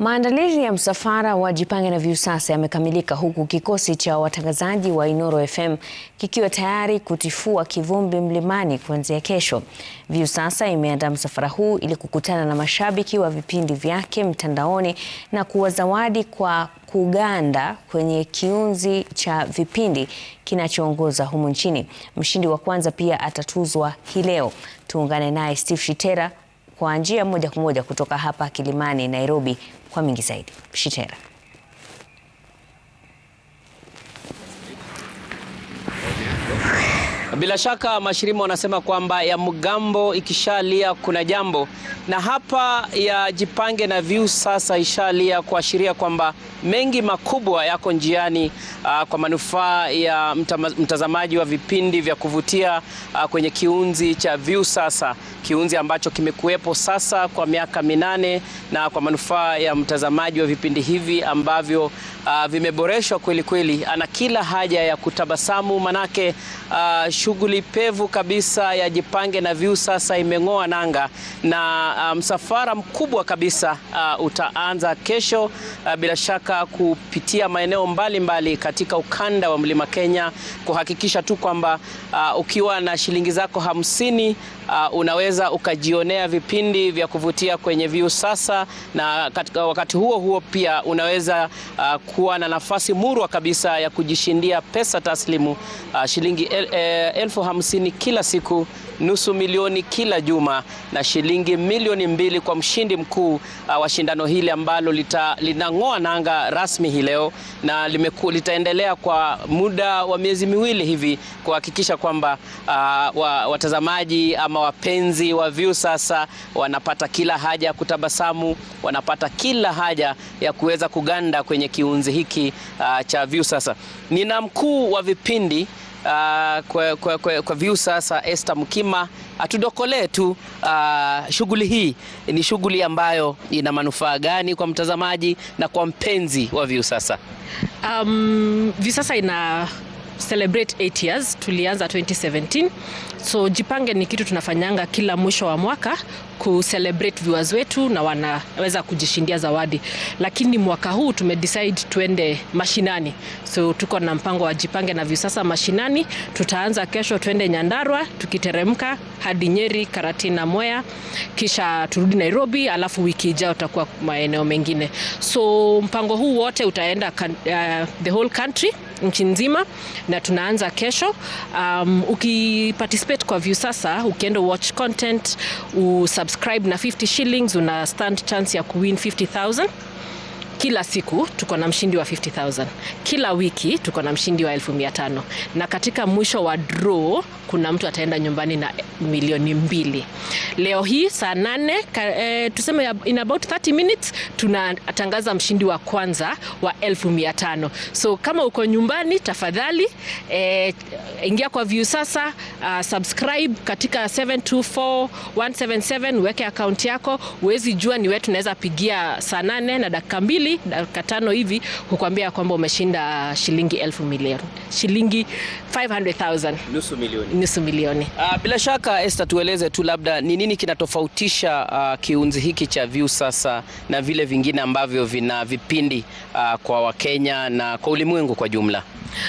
Maandalizi ya msafara wa Jipange na Viusasa yamekamilika huku kikosi cha watangazaji wa Inoro FM kikiwa tayari kutifua kivumbi mlimani kuanzia kesho. Viusasa imeandaa msafara huu ili kukutana na mashabiki wa vipindi vyake mtandaoni na kuwazawadi kwa kuganda kwenye kiunzi cha vipindi kinachoongoza humu nchini. Mshindi wa kwanza pia atatuzwa hii leo. Tuungane naye Steve Shitera kwa njia moja kwa moja kutoka hapa Kilimani, Nairobi. Kwa mingi zaidi, Shitera. Bila shaka mashirima wanasema kwamba ya mgambo ikishalia kuna jambo, na hapa ya Jipange na vyu sasa ishalia kuashiria kwamba mengi makubwa yako njiani, uh, kwa manufaa ya mtazamaji wa vipindi vya kuvutia uh, kwenye kiunzi cha vyu sasa, kiunzi ambacho kimekuwepo sasa kwa miaka minane na kwa manufaa ya mtazamaji wa vipindi hivi ambavyo uh, vimeboreshwa kweli kweli, ana kila haja ya kutabasamu manake uh, shughuli pevu kabisa ya Jipange na Viu sasa imeng'oa nanga na uh, msafara um, mkubwa kabisa uh, utaanza kesho uh, bila shaka kupitia maeneo mbalimbali mbali katika ukanda wa Mlima Kenya kuhakikisha tu kwamba uh, ukiwa na shilingi zako hamsini uh, unaweza ukajionea vipindi vya kuvutia kwenye Viu sasa, na katika wakati huo huo pia unaweza uh, kuwa na nafasi murwa kabisa ya kujishindia pesa taslimu uh, shilingi eh, elfu hamsini kila siku, nusu milioni kila juma na shilingi milioni mbili kwa mshindi mkuu uh, wa shindano hili ambalo linang'oa nanga rasmi hii leo na limeku, litaendelea kwa muda wa miezi miwili hivi kuhakikisha kwamba uh, wa, watazamaji ama wapenzi wa sasa wanapata kila haja ya kutabasamu, wanapata kila haja ya kuweza kuganda kwenye kiunzi hiki uh, cha ni Nina mkuu wa vipindi Uh, kwa, kwa, kwa, kwa view sasa, Esther Mkima atudokolee tu uh, shughuli hii ni shughuli ambayo ina manufaa gani kwa mtazamaji na kwa mpenzi wa view sasa? Um, view sasa ina celebrate 8 years, tulianza 2017. So jipange ni kitu tunafanyanga kila mwisho wa mwaka ku celebrate viewers wetu na wanaweza kujishindia zawadi, lakini mwaka huu tume decide tuende mashinani. So tuko na mpango wa jipange na Viusasa mashinani, tutaanza kesho, tuende nyandarwa tukiteremka hadi Nyeri, Karatina, moya kisha turudi Nairobi, alafu wiki ijayo utakuwa maeneo mengine. So mpango huu wote utaenda uh, the whole country nchi nzima na tunaanza kesho. Um, ukiparticipate kwa sasa ukienda watch content, usubscribe na 50 shillings, una stand chance ya kuwin 50000 kila siku tuko na mshindi wa 50000, kila wiki tuko na mshindi wa 1500, na katika mwisho wa draw kuna mtu ataenda nyumbani na milioni mbili. Leo hii saa nane ka, e, tuseme in about 30 minutes tunatangaza mshindi wa kwanza wa 1500. So kama uko nyumbani tafadhali, e, ingia kwa view sasa, uh, subscribe katika 724177 uweke akaunti yako. uwezi jua ni wetu tunaweza pigia saa nane na dakika mbili mbili dakika tano hivi hukwambia kwamba umeshinda shilingi elfu milioni shilingi 500,000 nusu milioni, nusu milioni. Uh, bila shaka Esther, tueleze tu labda ni nini kinatofautisha uh, kiunzi hiki cha sasa na vile vingine ambavyo vina vipindi uh, kwa Wakenya na kwa ulimwengu kwa jumla?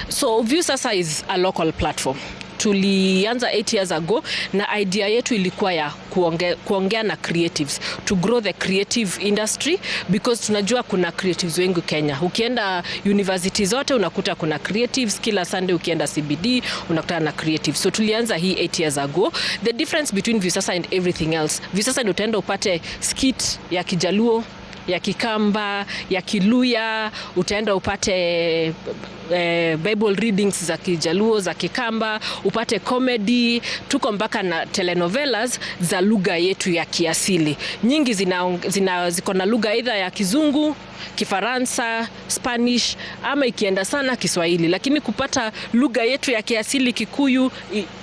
So Sasa is a local platform tulianza 8 years ago na idea yetu ilikuwa ya kuonge, kuongea na creatives to grow the creative industry because tunajua kuna creatives wengi Kenya. Ukienda university zote unakuta kuna creatives kila Sunday, ukienda CBD unakutana na creatives. So tulianza hii 8 years ago. The difference between Visasa and everything else, Visasa ndio utaenda upate skit ya Kijaluo ya Kikamba, ya Kiluya, utaenda upate eh, Bible readings za Kijaluo za Kikamba, upate comedy, tuko mpaka na telenovelas za lugha yetu ya kiasili. Nyingi zina, zina, ziko na lugha aidha ya Kizungu, Kifaransa, Spanish ama ikienda sana Kiswahili, lakini kupata lugha yetu ya kiasili Kikuyu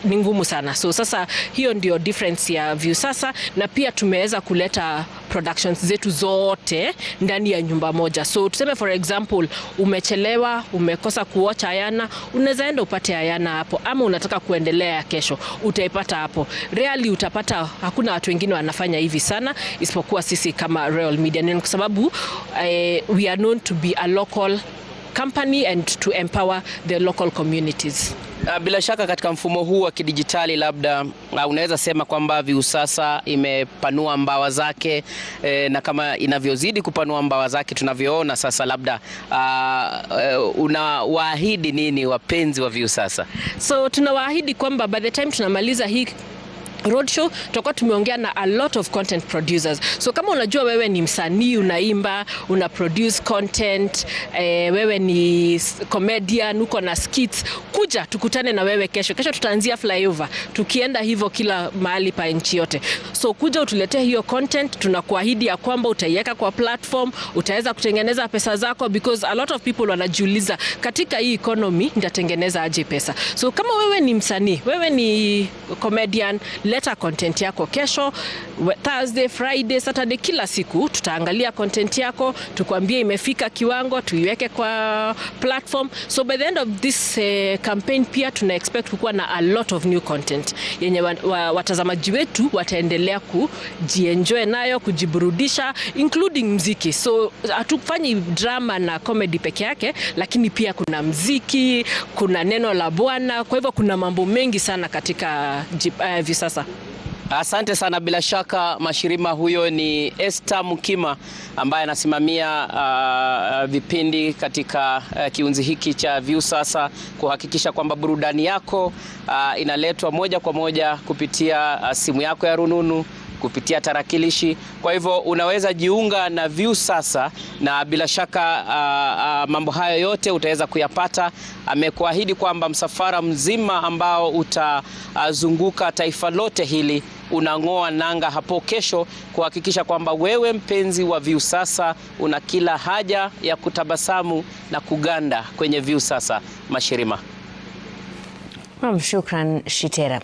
ni ngumu sana. So sasa hiyo ndio difference ya sasa na pia tumeweza kuleta productions zetu zote ndani ya nyumba moja. So tuseme for example umechelewa, umekosa kuocha Ayana, unaweza enda upate Ayana hapo, ama unataka kuendelea kesho, utaipata hapo. Really utapata, hakuna watu wengine wanafanya hivi sana isipokuwa sisi kama Royal Media, ni kwa sababu eh, we are known to be a local company and to empower the local communities. Ah, bila shaka katika mfumo huu wa kidijitali labda ah, unaweza sema kwamba Viusasa imepanua mbawa zake e, na kama inavyozidi kupanua mbawa zake tunavyoona sasa, labda ah, eh, unawaahidi nini wapenzi wa Viusasa? So tunawaahidi kwamba by the time tunamaliza hii roadshow tutakuwa tumeongea na a lot of content producers. So kama unajua wewe ni msanii, unaimba, una produce content, eh, wewe ni comedian, uko na skits, kuja tukutane na wewe kesho. Kesho tutaanzia flyover, tukienda hivyo kila mahali pa nchi yote. So kuja utuletee hiyo content, tunakuahidi ya kwamba utaiweka kwa platform, utaweza kutengeneza pesa zako because a lot of people wanajiuliza katika hii economy nitatengeneza aje pesa. So kama wewe ni msanii, wewe ni comedian, leta content yako kesho Thursday, Friday, Saturday, kila siku tutaangalia content yako, tukwambie imefika kiwango, tuiweke kwa platform. So by the end of this uh, campaign pia tuna expect kukuwa na a lot of new content yenye wa, wa, watazamaji wetu wataendelea kujienjoy nayo, kujiburudisha including mziki. So hatufanyi drama na comedy peke yake, lakini pia kuna mziki, kuna neno la Bwana. Kwa hivyo kuna mambo mengi sana katika uh, visasa sasa. Asante sana. Bila shaka Mashirima, huyo ni Esther Mkima ambaye anasimamia uh, uh, vipindi katika uh, kiunzi hiki cha sasa kuhakikisha kwamba burudani yako uh, inaletwa moja kwa moja kupitia uh, simu yako ya rununu kupitia tarakilishi. Kwa hivyo unaweza jiunga na sasa na bila shaka uh, uh, mambo hayo yote utaweza kuyapata. Amekuahidi kwamba msafara mzima ambao utazunguka uh, taifa lote hili unang'oa nanga hapo kesho kuhakikisha kwamba wewe mpenzi wa sasa una kila haja ya kutabasamu na kuganda kwenye sasa. Mashirima. Shukran Shitera.